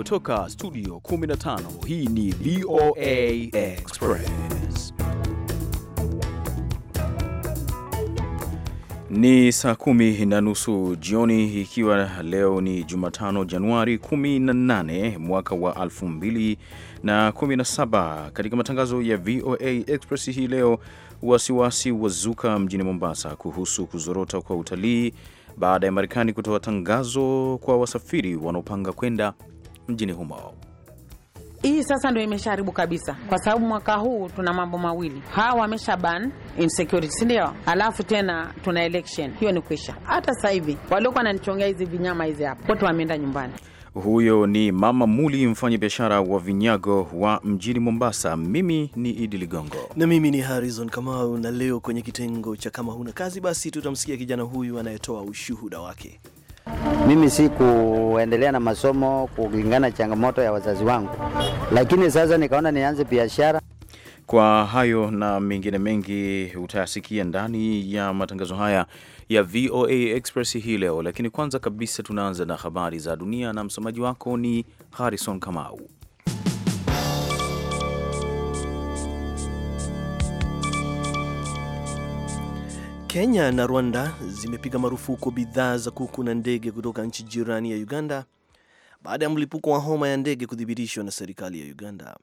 kutoka studio 15 hii ni VOA Express ni saa kumi na nusu jioni ikiwa leo ni Jumatano Januari 18 mwaka wa 2017 katika matangazo ya VOA Express hii leo wasiwasi wazuka mjini Mombasa kuhusu kuzorota kwa utalii baada ya Marekani kutoa tangazo kwa wasafiri wanaopanga kwenda mjini humo. Hii sasa ndio imeshaharibu kabisa, kwa sababu mwaka huu tuna mambo mawili. Hawa wamesha ban insecurity, si ndio? Alafu tena tuna election, hiyo ni kuisha. Hata sasa hivi waliokuwa wananichongea hizi vinyama hizi hapa wote wameenda nyumbani. Huyo ni Mama Muli, mfanyabiashara wa vinyago wa mjini Mombasa. Mimi ni Idi Ligongo na mimi ni Harrison Kamau, na leo kwenye kitengo cha kama huna kazi, basi tutamsikia kijana huyu anayetoa ushuhuda wake mimi si kuendelea na masomo kulingana changamoto ya wazazi wangu, lakini sasa nikaona nianze biashara. Kwa hayo na mengine mengi utayasikia ndani ya matangazo haya ya VOA Express hii leo, lakini kwanza kabisa tunaanza na habari za dunia na msomaji wako ni Harrison Kamau. Kenya na Rwanda zimepiga marufuku bidhaa za kuku na ndege kutoka nchi jirani ya Uganda baada ya mlipuko wa homa ya ndege kuthibitishwa na serikali ya Uganda.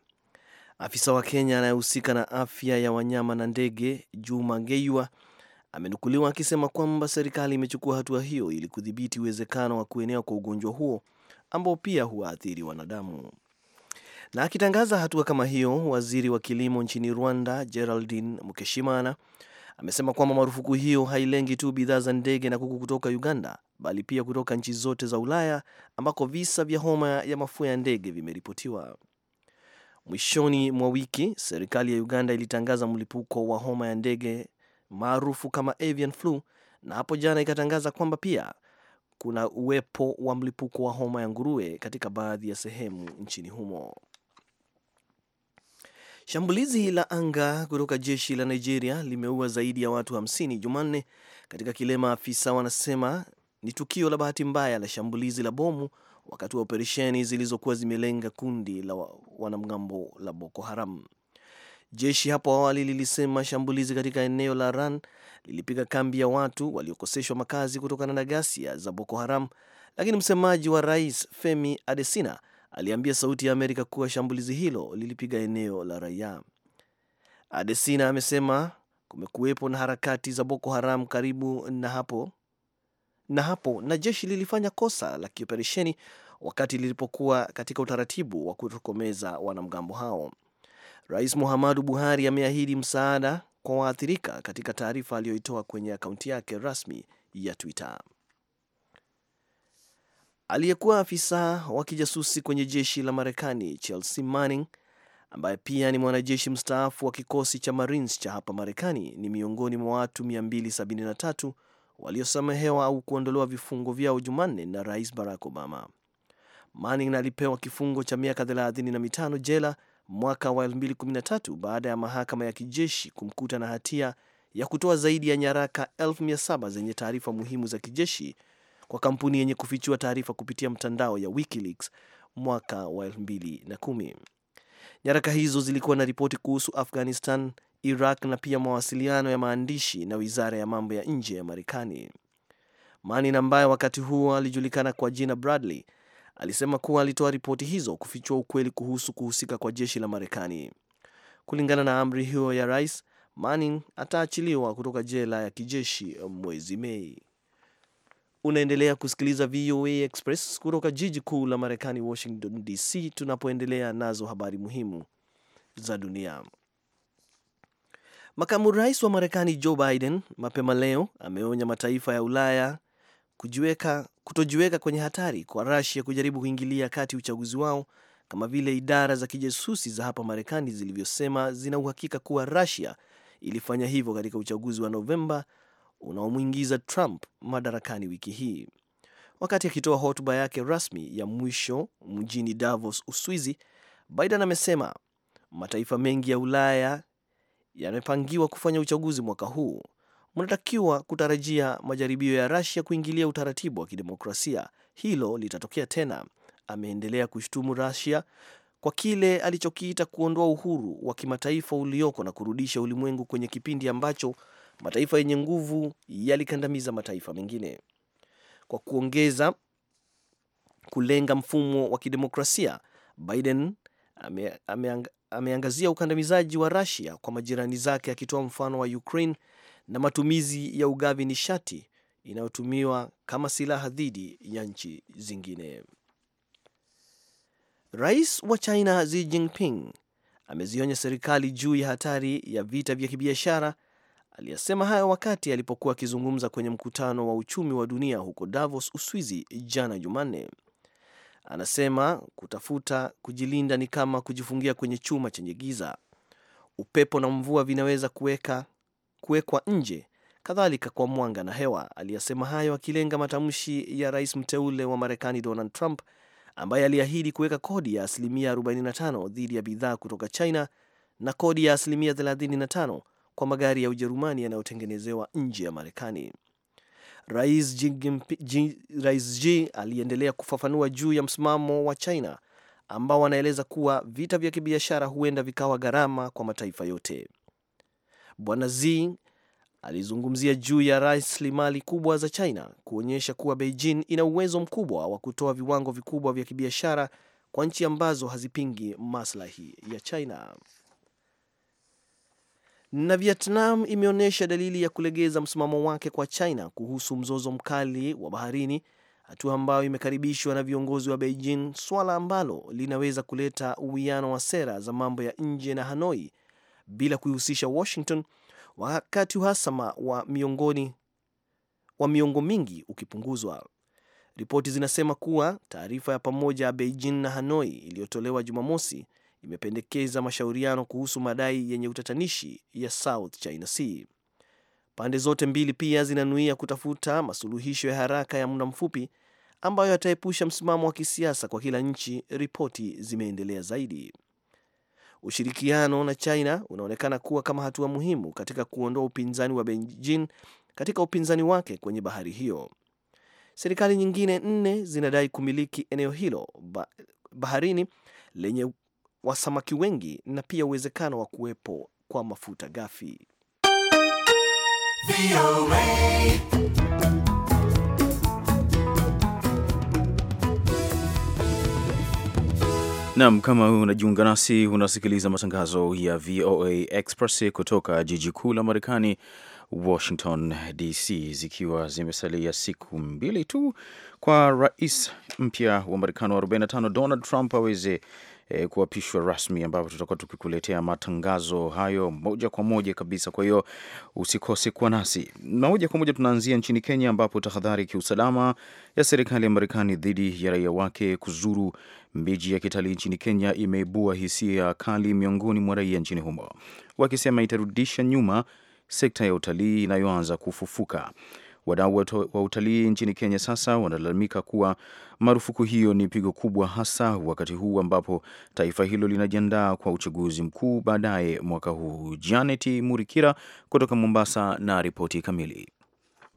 Afisa wa Kenya anayehusika na afya ya wanyama na ndege, Juma Ngeiwa, amenukuliwa akisema kwamba serikali imechukua hatua hiyo ili kudhibiti uwezekano wa kuenea kwa ugonjwa huo ambao pia huwaathiri wanadamu. Na akitangaza hatua kama hiyo, waziri wa kilimo nchini Rwanda, Geraldine Mukeshimana, Amesema kwamba marufuku hiyo hailengi tu bidhaa za ndege na kuku kutoka Uganda, bali pia kutoka nchi zote za Ulaya ambako visa vya homa ya mafua ya ndege vimeripotiwa. Mwishoni mwa wiki, serikali ya Uganda ilitangaza mlipuko wa homa ya ndege maarufu kama avian flu, na hapo jana ikatangaza kwamba pia kuna uwepo wa mlipuko wa homa ya nguruwe katika baadhi ya sehemu nchini humo. Shambulizi la anga kutoka jeshi la Nigeria limeua zaidi ya watu 50 Jumanne katika kile maafisa wanasema ni tukio la bahati mbaya la shambulizi la bomu wakati wa operesheni zilizokuwa zimelenga kundi la wanamgambo la Boko Haram. Jeshi hapo awali lilisema shambulizi katika eneo la Ran lilipiga kambi ya watu waliokoseshwa makazi kutokana na ghasia za Boko Haram, lakini msemaji wa rais Femi Adesina aliambia Sauti ya Amerika kuwa shambulizi hilo lilipiga eneo la raia. Adesina amesema kumekuwepo na harakati za Boko Haram karibu na hapo na hapo na jeshi lilifanya kosa la kioperesheni wakati lilipokuwa katika utaratibu wa kutokomeza wanamgambo hao. Rais Muhammadu Buhari ameahidi msaada kwa waathirika katika taarifa aliyoitoa kwenye akaunti yake rasmi ya Twitter. Aliyekuwa afisa wa kijasusi kwenye jeshi la Marekani Chelsea Manning, ambaye pia ni mwanajeshi mstaafu wa kikosi cha Marines cha hapa Marekani, ni miongoni mwa watu 273 waliosamehewa au kuondolewa vifungo vyao Jumanne na Rais Barack Obama. Manning alipewa kifungo cha miaka 35 jela mwaka wa 2013 baada ya mahakama ya kijeshi kumkuta na hatia ya kutoa zaidi ya nyaraka 7 zenye taarifa muhimu za kijeshi kwa kampuni yenye kufichua taarifa kupitia mtandao ya WikiLeaks mwaka wa 2010. Nyaraka hizo zilikuwa na ripoti kuhusu Afghanistan, Iraq na pia mawasiliano ya maandishi na wizara ya mambo ya nje ya Marekani. Manning ambaye wakati huo alijulikana kwa jina Bradley alisema kuwa alitoa ripoti hizo kufichua ukweli kuhusu kuhusika kwa jeshi la Marekani. Kulingana na amri hiyo ya rais, Manning ataachiliwa kutoka jela ya kijeshi mwezi Mei. Unaendelea kusikiliza VOA Express kutoka jiji kuu la Marekani, Washington DC, tunapoendelea nazo habari muhimu za dunia. Makamu rais wa Marekani Joe Biden mapema leo ameonya mataifa ya Ulaya kujiweka, kutojiweka kwenye hatari kwa rasia kujaribu kuingilia kati uchaguzi wao kama vile idara za kijasusi za hapa Marekani zilivyosema zina uhakika kuwa rasia ilifanya hivyo katika uchaguzi wa Novemba unaomwingiza Trump madarakani wiki hii. Wakati akitoa hotuba yake rasmi ya mwisho mjini Davos, Uswizi, Biden amesema mataifa mengi ya Ulaya yamepangiwa kufanya uchaguzi mwaka huu, mnatakiwa kutarajia majaribio ya Russia kuingilia utaratibu wa kidemokrasia. Hilo litatokea tena. Ameendelea kushutumu Russia kwa kile alichokiita kuondoa uhuru wa kimataifa ulioko na kurudisha ulimwengu kwenye kipindi ambacho mataifa yenye nguvu yalikandamiza mataifa mengine kwa kuongeza kulenga mfumo wa kidemokrasia. Biden ame, ameang, ameangazia ukandamizaji wa Russia kwa majirani zake, akitoa mfano wa Ukraine na matumizi ya ugavi nishati inayotumiwa kama silaha dhidi ya nchi zingine. Rais wa China Xi Jinping amezionya serikali juu ya hatari ya vita vya kibiashara Aliyasema hayo wakati alipokuwa akizungumza kwenye mkutano wa uchumi wa dunia huko Davos, Uswizi jana Jumanne. Anasema kutafuta kujilinda ni kama kujifungia kwenye chuma chenye giza. Upepo na mvua vinaweza kuweka kuwekwa nje, kadhalika kwa mwanga na hewa. Aliyasema hayo akilenga matamshi ya rais mteule wa Marekani Donald Trump ambaye aliahidi kuweka kodi ya asilimia 45 dhidi ya bidhaa kutoka China na kodi ya asilimia 35 kwa magari ya Ujerumani yanayotengenezewa nje ya Marekani. Rais Xi aliendelea kufafanua juu ya msimamo wa China ambao wanaeleza kuwa vita vya kibiashara huenda vikawa gharama kwa mataifa yote. Bwana Xi alizungumzia juu ya rasilimali kubwa za China, kuonyesha kuwa Beijing ina uwezo mkubwa wa kutoa viwango vikubwa vya kibiashara kwa nchi ambazo hazipingi maslahi ya China na Vietnam imeonyesha dalili ya kulegeza msimamo wake kwa China kuhusu mzozo mkali wa baharini, hatua ambayo imekaribishwa na viongozi wa Beijing, swala ambalo linaweza kuleta uwiano wa sera za mambo ya nje na Hanoi bila kuihusisha Washington, wakati uhasama wa miongoni wa miongo mingi ukipunguzwa. Ripoti zinasema kuwa taarifa ya pamoja ya Beijing na Hanoi iliyotolewa Jumamosi imependekeza mashauriano kuhusu madai yenye utatanishi ya South China Sea. Pande zote mbili pia zinanuia kutafuta masuluhisho ya haraka ya muda mfupi ambayo yataepusha msimamo wa kisiasa kwa kila nchi, ripoti zimeendelea zaidi. Ushirikiano na China unaonekana kuwa kama hatua muhimu katika kuondoa upinzani wa Beijing katika upinzani wake kwenye bahari hiyo. Serikali nyingine nne zinadai kumiliki eneo hilo baharini lenye wa samaki wengi na pia uwezekano wa kuwepo kwa mafuta ghafi. Nam, kama unajiunga nasi, unasikiliza matangazo ya VOA Express kutoka jiji kuu la Marekani, Washington DC, zikiwa zimesalia siku mbili tu kwa rais mpya wa Marekani wa 45 Donald Trump aweze e, kuapishwa rasmi, ambapo tutakuwa tukikuletea matangazo hayo moja kwa moja kabisa. Kwa hiyo usikose kuwa nasi moja kwa moja. Tunaanzia nchini Kenya, ambapo tahadhari kiusalama ya serikali ya Marekani dhidi ya raia wake kuzuru miji ya kitalii nchini Kenya imeibua hisia kali miongoni mwa raia nchini humo, wakisema itarudisha nyuma sekta ya utalii inayoanza kufufuka. Wadau wa utalii nchini Kenya sasa wanalalamika kuwa marufuku hiyo ni pigo kubwa, hasa wakati huu ambapo taifa hilo linajiandaa kwa uchaguzi mkuu baadaye mwaka huu. Janet Murikira kutoka Mombasa na ripoti kamili.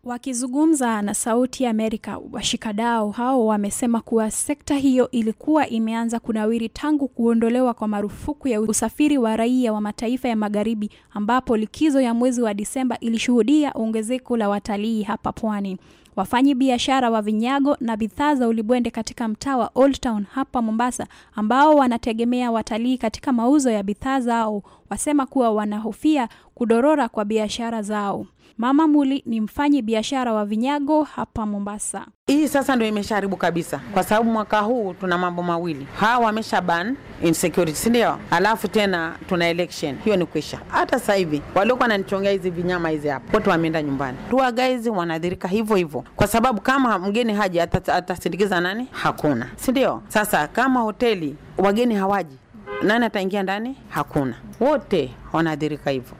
Wakizungumza na Sauti ya Amerika, washikadau hao wamesema kuwa sekta hiyo ilikuwa imeanza kunawiri tangu kuondolewa kwa marufuku ya usafiri wa raia wa mataifa ya magharibi, ambapo likizo ya mwezi wa Disemba ilishuhudia ongezeko la watalii hapa pwani. Wafanyi biashara wa vinyago na bidhaa za ulibwende katika mtaa wa Old Town hapa Mombasa, ambao wanategemea watalii katika mauzo ya bidhaa zao, wasema kuwa wanahofia kudorora kwa biashara zao. Mama Muli ni mfanyi biashara wa vinyago hapa Mombasa. Hii sasa ndio imeshaharibu kabisa, kwa sababu mwaka huu tuna mambo mawili, hawa wamesha ban insecurity, ndio? Alafu tena tuna election, hiyo ni kwisha. Hata sasa hivi waliokuwa wananichongea hizi vinyama hizi hapa wote wameenda nyumbani, tua guys wanadhirika hivyo hivyo, kwa sababu kama mgeni haji atasindikiza nani? Hakuna, si ndio? Sasa kama hoteli wageni hawaji, nani ataingia ndani? Hakuna, wote wanadhirika hivyo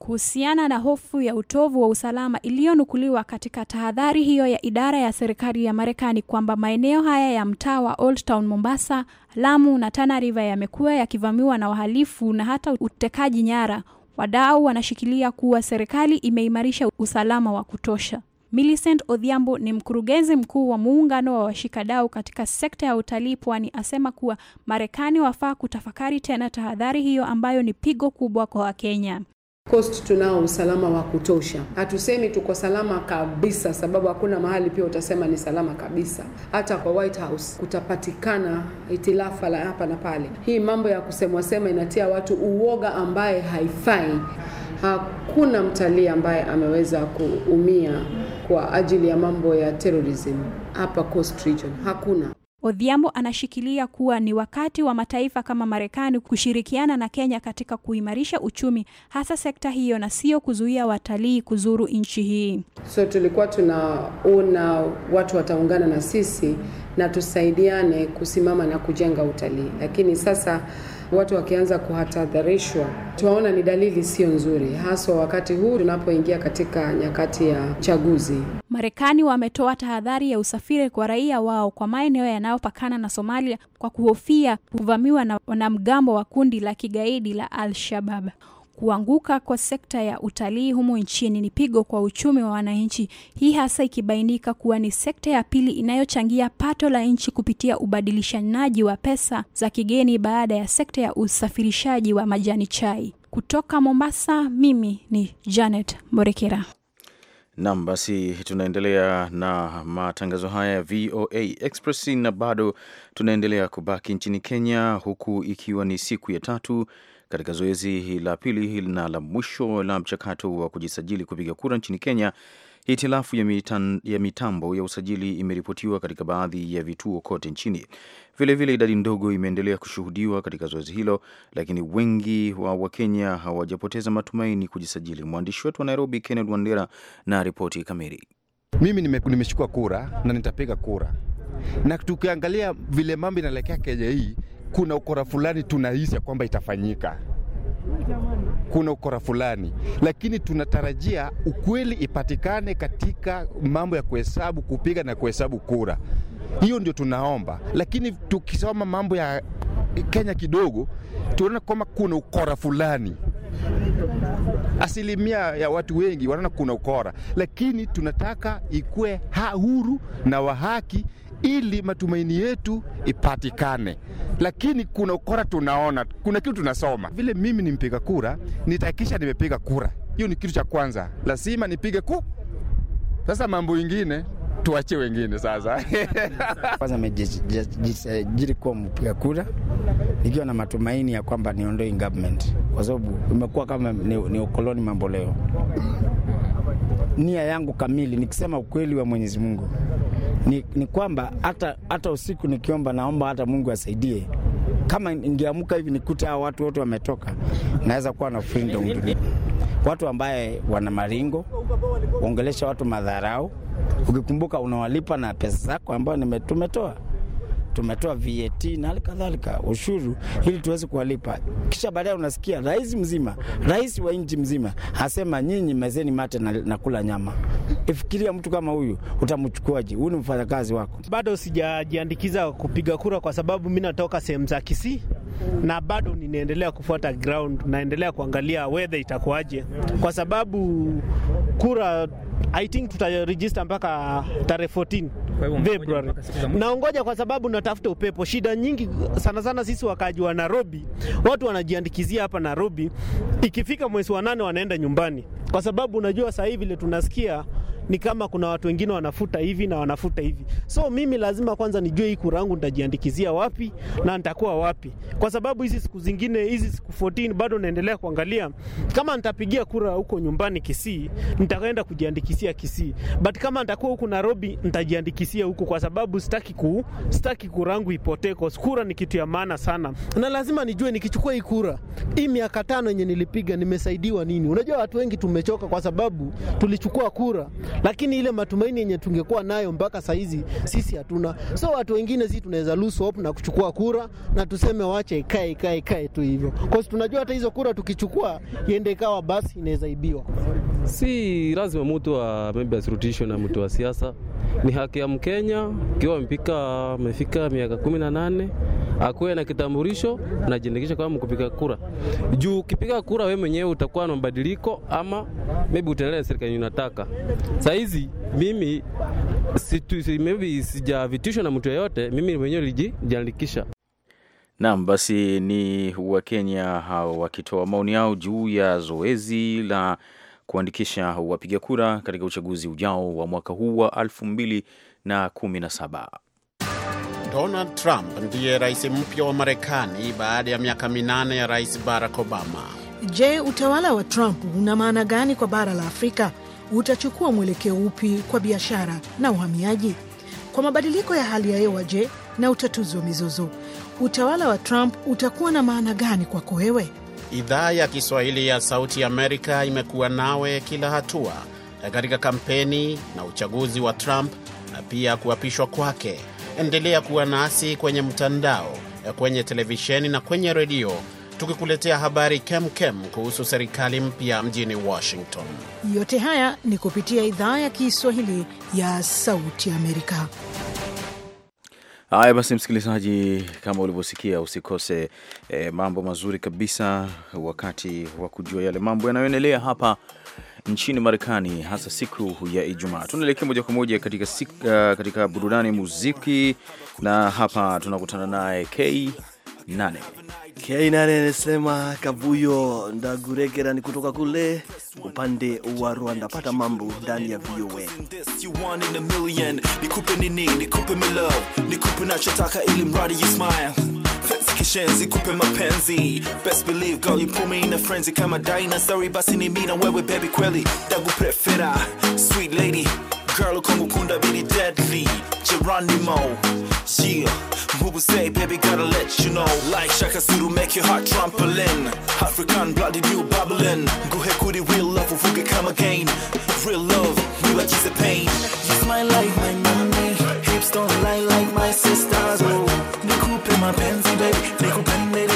kuhusiana na hofu ya utovu wa usalama iliyonukuliwa katika tahadhari hiyo ya idara ya serikali ya Marekani kwamba maeneo haya ya mtaa wa Old Town Mombasa, Lamu na Tana River yamekuwa yakivamiwa na wahalifu na hata utekaji nyara. Wadau wanashikilia kuwa serikali imeimarisha usalama wa kutosha. Millicent Odhiambo ni mkurugenzi mkuu wa muungano wa washikadau katika sekta ya utalii pwani, asema kuwa Marekani wafaa kutafakari tena tahadhari hiyo ambayo ni pigo kubwa kwa Wakenya. Coast tunao usalama wa kutosha. Hatusemi tuko salama kabisa, sababu hakuna mahali pia utasema ni salama kabisa. Hata kwa White House kutapatikana itilafa la hapa na pale. Hii mambo ya kusemwa sema inatia watu uoga ambaye haifai. Hakuna mtalii ambaye ameweza kuumia kwa ajili ya mambo ya terrorism hapa Coast Region, hakuna. Odhiambo anashikilia kuwa ni wakati wa mataifa kama Marekani kushirikiana na Kenya katika kuimarisha uchumi hasa sekta hiyo na sio kuzuia watalii kuzuru nchi hii. So tulikuwa tunaona watu wataungana na sisi na tusaidiane kusimama na kujenga utalii, lakini sasa watu wakianza kuhatadharishwa, tunaona ni dalili sio nzuri, haswa wakati huu tunapoingia katika nyakati ya chaguzi. Marekani wametoa tahadhari ya usafiri kwa raia wao kwa maeneo yanayopakana na Somalia kwa kuhofia kuvamiwa na wanamgambo wa kundi la kigaidi la Al-Shabab. Kuanguka kwa sekta ya utalii humo nchini ni pigo kwa uchumi wa wananchi, hii hasa ikibainika kuwa ni sekta ya pili inayochangia pato la nchi kupitia ubadilishanaji wa pesa za kigeni baada ya sekta ya usafirishaji wa majani chai. Kutoka Mombasa, mimi ni Janet Morekera. Nam, basi tunaendelea na matangazo haya ya VOA Express, na bado tunaendelea kubaki nchini Kenya, huku ikiwa ni siku ya tatu katika zoezi la pili na la mwisho la mchakato wa kujisajili kupiga kura nchini Kenya. Hitilafu ya, mitan, ya mitambo ya usajili imeripotiwa katika baadhi ya vituo kote nchini. Vilevile, idadi ndogo imeendelea kushuhudiwa katika zoezi hilo, lakini wengi wa Wakenya hawajapoteza matumaini kujisajili. Mwandishi wetu wa Nairobi, Kenneth Wandera, na ripoti kamili. Mimi nimechukua kura na nitapiga kura, na tukiangalia vile mambo inaelekea Kenya hii kuna ukora fulani tunahisi ya kwamba itafanyika, kuna ukora fulani lakini tunatarajia ukweli ipatikane katika mambo ya kuhesabu kupiga na kuhesabu kura. Hiyo ndio tunaomba, lakini tukisoma mambo ya Kenya kidogo tunaona kwamba kuna ukora fulani. Asilimia ya watu wengi wanaona kuna ukora, lakini tunataka ikuwe huru na wa haki ili matumaini yetu ipatikane. Lakini kuna ukora tunaona, kuna kitu tunasoma. Vile mimi ni mpiga kura, nitahakikisha nimepiga kura. Hiyo ni kitu cha kwanza, lazima nipige ku. Sasa mambo ingine tuache wengine sasa. Kwanza nimejisajili kuwa mpiga kura nikiwa na matumaini ya kwamba niondoe government, kwa sababu imekuwa kama ni, ni ukoloni mambo leo. Nia yangu kamili, nikisema ukweli wa Mwenyezi Mungu ni, ni kwamba hata hata usiku nikiomba, naomba hata Mungu asaidie kama ningeamka hivi nikute hao watu wote wametoka, naweza kuwa na freedom. Watu ambaye wana maringo ongelesha watu madharau, ukikumbuka unawalipa na pesa zako ambayo tumetoa tumetoa VAT na hali kadhalika ushuru, ili tuweze kuwalipa. Kisha baadaye unasikia rais mzima, rais wa nchi mzima asema nyinyi mezeni mate na, na kula nyama. Ifikiria mtu kama huyu utamchukuaje? Huyu ni mfanyakazi wako. Bado sijajiandikiza kupiga kura kwa sababu mimi natoka sehemu za Kisii na bado ninaendelea kufuata ground, naendelea kuangalia weather itakuwaje, kwa sababu kura I think tutaregister mpaka tarehe 14 February. Naongoja kwa sababu natafuta upepo. Shida nyingi sana sana sisi wakaji wa Nairobi, watu wanajiandikizia hapa Nairobi, ikifika mwezi wa nane wanaenda nyumbani, kwa sababu unajua sasa hivi vile tunasikia ni kama kuna watu wengine wanafuta hivi na wanafuta hivi. So mimi lazima kwanza nijue hii kura yangu nitajiandikizia wapi na nitakuwa wapi, kwa sababu hizi siku zingine hizi siku 14 bado naendelea kuangalia kama nitapigia kura huko nyumbani Kisii, nitaenda kujiandikisia Kisii, but kama nitakuwa huko Nairobi nitajiandikisia huko, kwa sababu sitaki ku sitaki kura yangu ipotee, kwa kura ni kitu ya maana sana, na lazima nijue nikichukua hii kura, hii miaka tano yenye nilipiga nimesaidiwa nini. Unajua watu wengi tumechoka, kwa sababu tulichukua kura lakini ile matumaini yenye tungekuwa nayo mpaka saizi sisi hatuna. So watu wengine sisi tunaweza lose hope na kuchukua kura na tuseme wache ikae ikae ikae tu hivyo, kwa tunajua hata hizo kura tukichukua iende ikawa basi inaweza ibiwa. Si lazima mtu wa maybe asirutishwe na mtu wa siasa, ni haki ya Mkenya kiwa mpika amefika miaka kumi na nane akuwe na kitambulisho najiandikisha kama mkupiga kura. Juu ukipiga kura wewe mwenyewe utakuwa na mabadiliko ama maybe utaendelea na serikali unataka. Saizi mimi sijavitishwa na mtu yeyote, mimi mwenyewe nilijiandikisha. Naam, basi ni Wakenya hao wakitoa maoni yao juu ya zoezi la kuandikisha wapiga kura katika uchaguzi ujao wa mwaka huu wa 2017. Donald Trump ndiye rais mpya wa Marekani baada ya miaka minane ya Rais Barack Obama. Je, utawala wa Trump una maana gani kwa bara la Afrika? utachukua mwelekeo upi kwa biashara na uhamiaji? Kwa mabadiliko ya hali ya hewa, je, na utatuzi wa mizozo, utawala wa Trump utakuwa na maana gani kwako wewe? Idhaa ya Kiswahili ya Sauti Amerika imekuwa nawe kila hatua katika kampeni na uchaguzi wa Trump na pia kuapishwa kwake. Endelea kuwa nasi kwenye mtandao, kwenye televisheni na kwenye redio tukikuletea habari kemkem kuhusu serikali mpya mjini Washington. Yote haya ni kupitia idhaa ya Kiswahili ya Sauti Amerika. Haya basi, msikilizaji, kama ulivyosikia, usikose e, mambo mazuri kabisa wakati wa kujua yale mambo yanayoendelea hapa nchini Marekani, hasa siku ya Ijumaa. Tunaelekea moja kwa moja katika, eh, katika burudani muziki, na hapa tunakutana naye K nane. K8 anasema Kavuyo ndaguregera ni kutoka kule upande wa Rwanda. Pata mambo ndani ya VOA. Nikupe nini? Nikupe milo, nikupe nachotaka ili mradi you smile kishenzi kupe mapenzi best believe girl you me in a frenzy kama basi ni mimi na wewe baby kweli dagu prefera sweet lady Girl come punda really deadly Geronimo Yeah Who would say baby gotta let you know Like Shaka Suru make your heart trampoline African bloody new Babylon Go ahead could it real love if we could come again Real love we like you the pain Use my life, my mommy Hips don't lie like my sisters Oh they Nikupe my pants, baby They Nikupe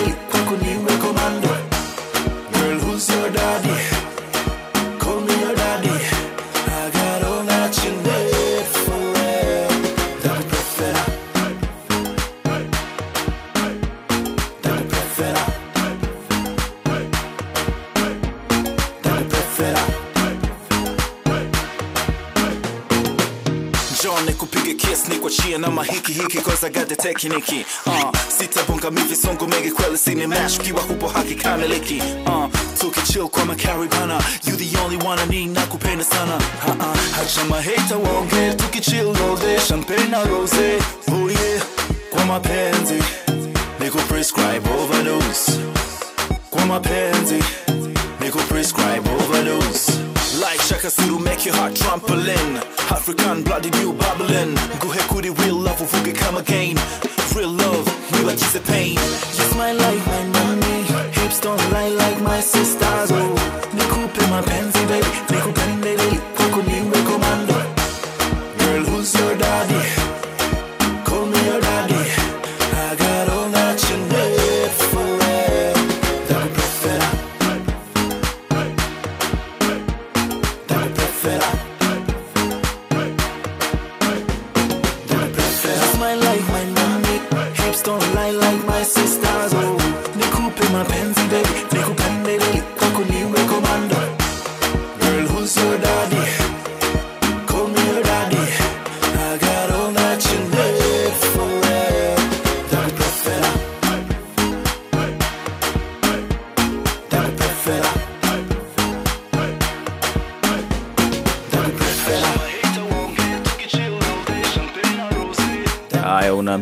Tulia na mahiki hiki cause I got the technique uh, sitabonga mivisongo mengi kweli sini mash ukiwa hupo haki kamiliki uh, tukichill kwa makaribana you the only one I need nakupenda sana uh -uh. hacha maheta waonge tukichill all day champagne na rose oh yeah kwa mapenzi niko prescribe overdose kwa mapenzi niko prescribe overdose Like Shaka Suru make your heart trampoline African bloody new Babylon 구해꾸리 real love 우후게 come again Real love a pain You my life my money Hips don't lie like my sisters Me coupe in my pansy baby 내 코앞에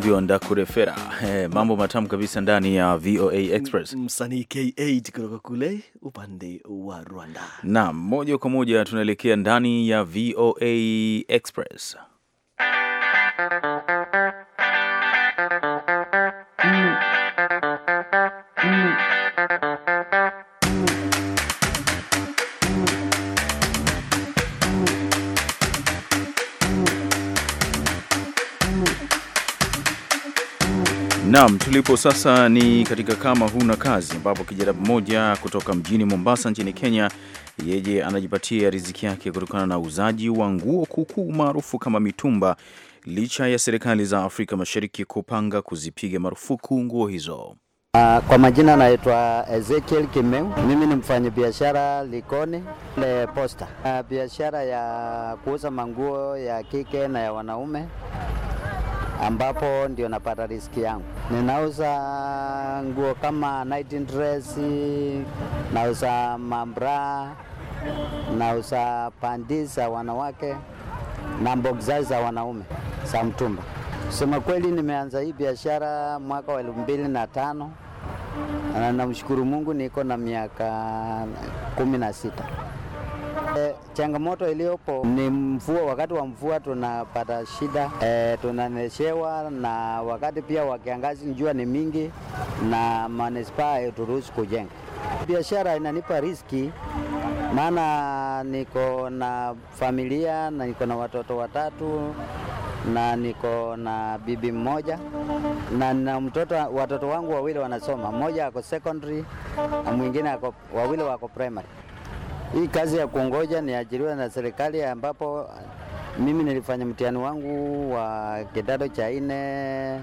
ndio ndakurefera. Hey, eh, mambo matamu kabisa ndani ya VOA Express. Msanii K8 kutoka kule upande wa Rwanda. Naam, moja kwa moja tunaelekea ndani ya VOA Express Naam, tulipo sasa ni katika kama huna kazi, ambapo kijana mmoja kutoka mjini Mombasa nchini Kenya, yeye anajipatia riziki yake kutokana na uuzaji wa nguo kukuu maarufu kama mitumba, licha ya serikali za Afrika Mashariki kupanga kuzipiga marufuku nguo hizo. Ah, kwa majina naitwa Ezekiel Kimeu. Mimi ni mfanyabiashara Likoni le Posta, ah, biashara ya kuuza manguo ya kike na ya wanaume ambapo ndio napata riski yangu. Ninauza nguo kama night dress, nauza mambra, nauza pandi za wanawake na mboga za wanaume za mtumba. Kusema kweli, nimeanza hii biashara mwaka wa elfu mbili na tano na namshukuru Mungu niko na miaka kumi na sita. E, changamoto iliyopo ni mvua. Wakati wa mvua tunapata shida e, tunaneshewa na wakati pia wa kiangazi jua ni mingi na manispaa haturuhusu kujenga. Biashara inanipa riski maana niko na familia na niko na watoto watatu na niko na bibi mmoja na na mtoto, watoto wangu wawili wanasoma, mmoja ako secondary na mwingine wawili wako primary. Hii kazi ya kuongoja niajiriwa na serikali, ambapo mimi nilifanya mtihani wangu wa kidato cha nne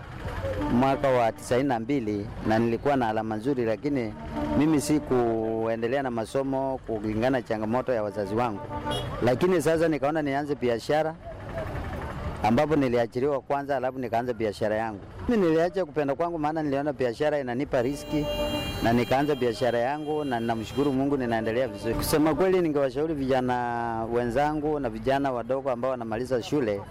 mwaka wa tisaini na mbili na nilikuwa na alama nzuri, lakini mimi si kuendelea na masomo kulingana changamoto ya wazazi wangu. Lakini sasa nikaona nianze biashara, ambapo niliachiriwa kwanza, alafu nikaanza biashara yangu. Mimi niliacha kupenda kwangu, maana niliona biashara inanipa riski na nikaanza biashara yangu, na ninamshukuru Mungu, ninaendelea vizuri. Kusema kweli, ningewashauri vijana wenzangu na vijana wadogo ambao wanamaliza shule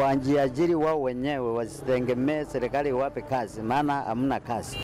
wajiajiri wao wenyewe, wasitegemee serikali iwape kazi, maana hamna kazi.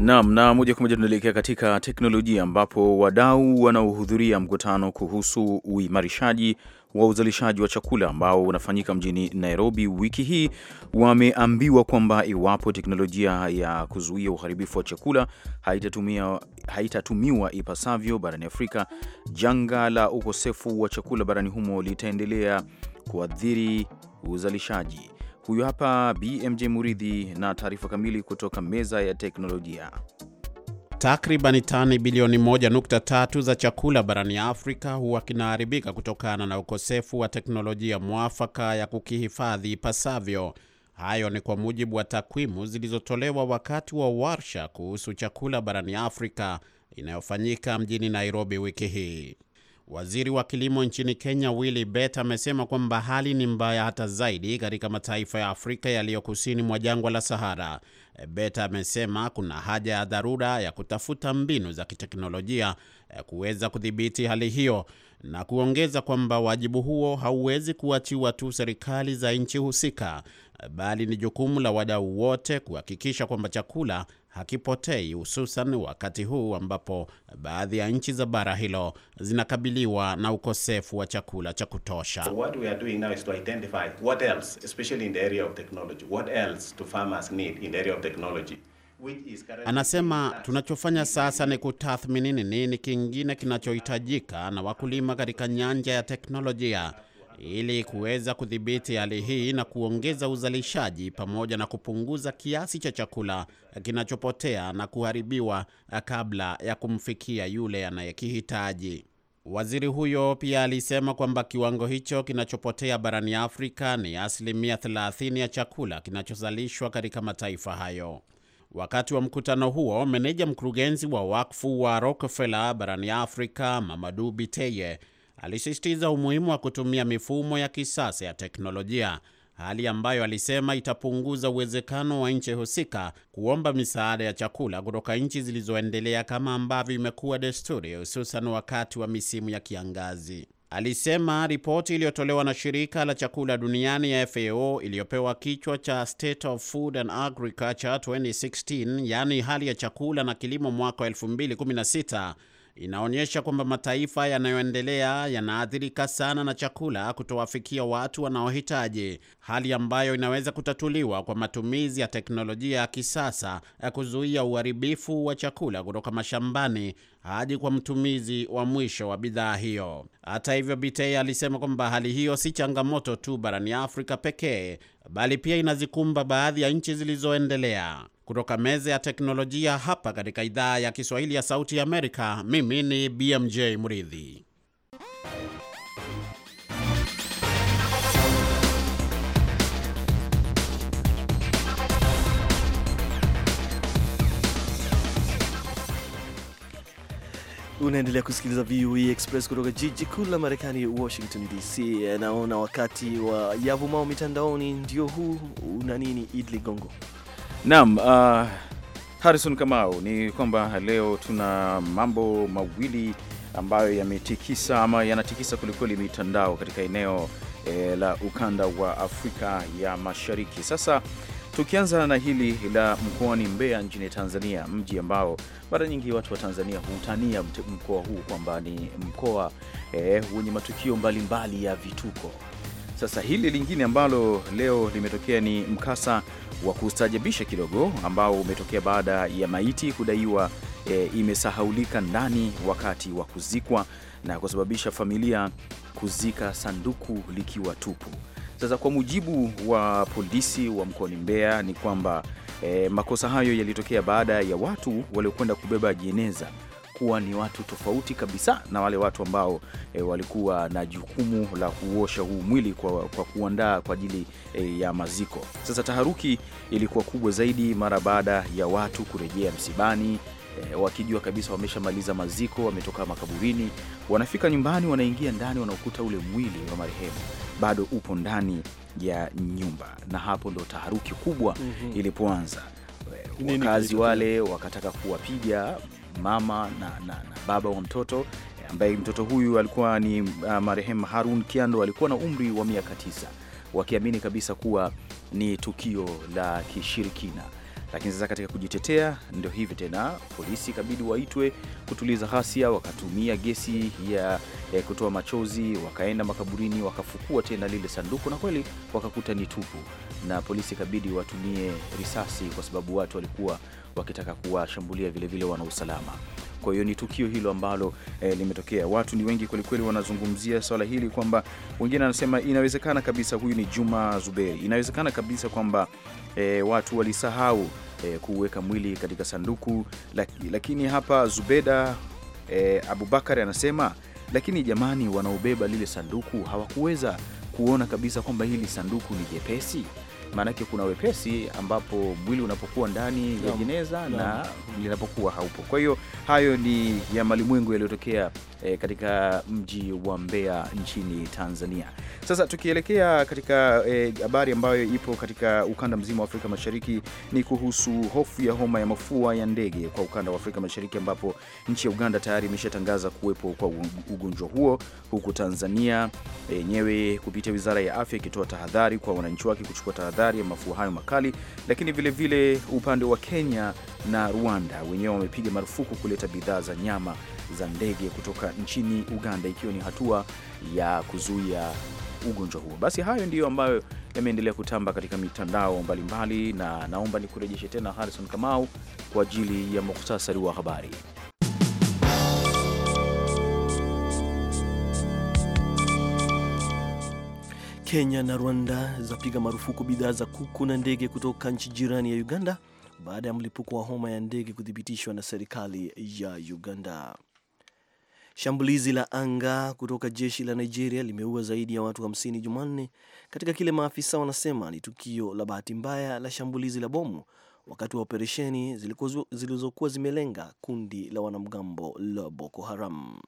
Naam, na moja kwa moja tunaelekea katika teknolojia ambapo wadau wanaohudhuria mkutano kuhusu uimarishaji wa uzalishaji wa chakula ambao unafanyika mjini Nairobi wiki hii wameambiwa kwamba iwapo teknolojia ya kuzuia uharibifu wa chakula haitatumia haitatumiwa ipasavyo barani Afrika, janga la ukosefu wa chakula barani humo litaendelea kuathiri uzalishaji Huyu hapa BMJ Muridhi na taarifa kamili kutoka meza ya teknolojia. Takribani tani bilioni 1.3 za chakula barani Afrika huwa kinaharibika kutokana na ukosefu wa teknolojia mwafaka ya kukihifadhi ipasavyo. Hayo ni kwa mujibu wa takwimu zilizotolewa wakati wa warsha kuhusu chakula barani Afrika inayofanyika mjini Nairobi wiki hii. Waziri wa kilimo nchini Kenya Willy Bet amesema kwamba hali ni mbaya hata zaidi katika mataifa ya Afrika yaliyo kusini mwa jangwa la Sahara. Bet amesema kuna haja ya dharura ya kutafuta mbinu za kiteknolojia eh, kuweza kudhibiti hali hiyo na kuongeza kwamba wajibu huo hauwezi kuachiwa tu serikali za nchi husika, bali ni jukumu la wadau wote kuhakikisha kwamba chakula hakipotei, hususan wakati huu ambapo baadhi ya nchi za bara hilo zinakabiliwa na ukosefu wa chakula cha kutosha. So Anasema tunachofanya sasa ni kutathmini ni nini kingine kinachohitajika na wakulima katika nyanja ya teknolojia ili kuweza kudhibiti hali hii na kuongeza uzalishaji pamoja na kupunguza kiasi cha chakula kinachopotea na kuharibiwa kabla ya kumfikia yule anayekihitaji. Waziri huyo pia alisema kwamba kiwango hicho kinachopotea barani Afrika ni asilimia 30 ya chakula kinachozalishwa katika mataifa hayo. Wakati wa mkutano huo, meneja mkurugenzi wa wakfu wa Rockefeller barani Afrika Mamadu Biteye alisisitiza umuhimu wa kutumia mifumo ya kisasa ya teknolojia, hali ambayo alisema itapunguza uwezekano wa nchi husika kuomba misaada ya chakula kutoka nchi zilizoendelea kama ambavyo imekuwa desturi, hususan wakati wa misimu ya kiangazi. Alisema ripoti iliyotolewa na shirika la chakula duniani ya FAO iliyopewa kichwa cha State of Food and Agriculture 2016, yaani hali ya chakula na kilimo mwaka 2016 inaonyesha kwamba mataifa yanayoendelea yanaathirika sana na chakula kutowafikia watu wanaohitaji, hali ambayo inaweza kutatuliwa kwa matumizi ya teknolojia ya kisasa ya kuzuia uharibifu wa chakula kutoka mashambani hadi kwa mtumizi wa mwisho wa bidhaa hiyo. Hata hivyo, Bitei alisema kwamba hali hiyo si changamoto tu barani Afrika pekee, bali pia inazikumba baadhi ya nchi zilizoendelea. Kutoka meza ya teknolojia hapa katika idhaa ya Kiswahili ya Sauti ya Amerika, mimi ni BMJ Mridhi. Unaendelea kusikiliza VOA e Express kutoka jiji kuu la Marekani, Washington DC. Naona wakati wa yavumao mitandaoni ndio huu. Una nini, Idli Gongo? Naam, uh, Harrison Kamau, ni kwamba leo tuna mambo mawili ambayo yametikisa ama yanatikisa kwelikweli mitandao katika eneo eh, la ukanda wa Afrika ya Mashariki. Sasa Tukianza na hili la mkoani Mbeya nchini Tanzania, mji ambao mara nyingi watu wa Tanzania huutania mkoa huu kwamba ni mkoa eh, wenye matukio mbalimbali mbali ya vituko. Sasa hili lingine ambalo leo limetokea ni mkasa wa kustajabisha kidogo ambao umetokea baada ya maiti kudaiwa E, imesahaulika ndani wakati wa kuzikwa na kusababisha familia kuzika sanduku likiwa tupu. Sasa kwa mujibu wa polisi wa mkoani Mbeya ni kwamba e, makosa hayo yalitokea baada ya watu waliokwenda kubeba jeneza kuwa ni watu tofauti kabisa na wale watu ambao e, walikuwa na jukumu la kuosha huu mwili kwa, kwa kuandaa kwa ajili e, ya maziko. Sasa taharuki ilikuwa kubwa zaidi mara baada ya watu kurejea msibani Eh, wakijua kabisa wameshamaliza maziko, wametoka makaburini, wanafika nyumbani, wanaingia ndani, wanaokuta ule mwili wa marehemu bado upo ndani ya nyumba, na hapo ndo taharuki kubwa mm -hmm. ilipoanza. Wakazi wale wakataka kuwapiga mama na, na, na baba wa mtoto ambaye mtoto huyu alikuwa ni uh, marehemu Harun Kiando alikuwa na umri wa miaka tisa, wakiamini kabisa kuwa ni tukio la kishirikina. Lakini sasa katika kujitetea, ndio hivi tena, polisi ikabidi waitwe kutuliza ghasia, wakatumia gesi ya, ya kutoa machozi, wakaenda makaburini, wakafukua tena lile sanduku, na kweli wakakuta ni tupu, na polisi ikabidi watumie risasi kwa sababu watu walikuwa wakitaka kuwashambulia vilevile wanausalama. Kwa hiyo ni tukio hilo ambalo eh, limetokea. Watu ni wengi kwelikweli, wanazungumzia swala hili kwamba wengine wanasema inawezekana kabisa huyu ni Juma Zuberi, inawezekana kabisa kwamba eh, watu walisahau eh, kuweka mwili katika sanduku laki, lakini hapa Zubeda eh, Abubakar anasema lakini jamani, wanaobeba lile sanduku hawakuweza kuona kabisa kwamba hili sanduku ni jepesi maanake kuna wepesi ambapo mwili unapokuwa ndani ya jeneza na linapokuwa haupo. Kwa hiyo hayo ni ya malimwengu yaliyotokea eh, katika mji wa Mbeya nchini Tanzania. Sasa tukielekea katika eh, habari eh, ambayo ipo katika ukanda mzima wa Afrika Mashariki ni kuhusu hofu ya homa ya mafua ya ndege kwa ukanda wa Afrika Mashariki, ambapo nchi ya Uganda tayari imeshatangaza kuwepo kwa ugonjwa huo, huku Tanzania yenyewe kupitia Wizara ya Afya ikitoa tahadhari kwa wananchi wake kuchukua tahadhari tahadhari ya mafua hayo makali, lakini vilevile vile upande wa Kenya na Rwanda wenyewe wamepiga marufuku kuleta bidhaa za nyama za ndege kutoka nchini Uganda, ikiwa ni hatua ya kuzuia ugonjwa huo. Basi hayo ndiyo ambayo yameendelea kutamba katika mitandao mbalimbali mbali, na naomba nikurejeshe tena Harrison Kamau kwa ajili ya muhtasari wa habari. Kenya na Rwanda zapiga marufuku bidhaa za kuku na ndege kutoka nchi jirani ya Uganda baada ya mlipuko wa homa ya ndege kuthibitishwa na serikali ya Uganda. Shambulizi la anga kutoka jeshi la Nigeria limeua zaidi ya watu 50 wa Jumanne katika kile maafisa wanasema ni tukio la bahati mbaya la shambulizi la bomu wakati wa operesheni zilizokuwa zimelenga kundi la wanamgambo la Boko Haram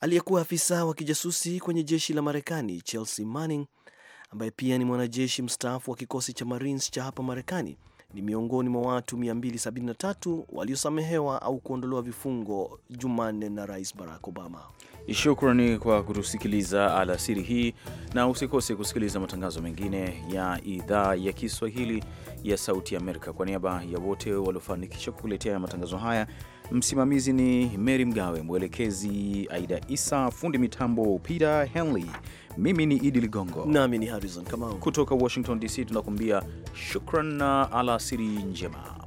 aliyekuwa afisa wa kijasusi kwenye jeshi la Marekani Chelsea Manning, ambaye pia ni mwanajeshi mstaafu wa kikosi cha Marines cha hapa Marekani, ni miongoni mwa watu 273 waliosamehewa au kuondolewa vifungo Jumanne na Rais Barack Obama. Shukrani kwa kutusikiliza alasiri hii, na usikose kusikiliza matangazo mengine ya idhaa ya Kiswahili ya Sauti ya Amerika. Kwa niaba ya wote waliofanikisha kukuletea matangazo haya Msimamizi ni Mary Mgawe, mwelekezi Aida Isa, fundi mitambo Peter Henley. Mimi ni Idi Ligongo nami ni Harrison Kamau kutoka Washington DC, tunakuambia shukran na alasiri njema.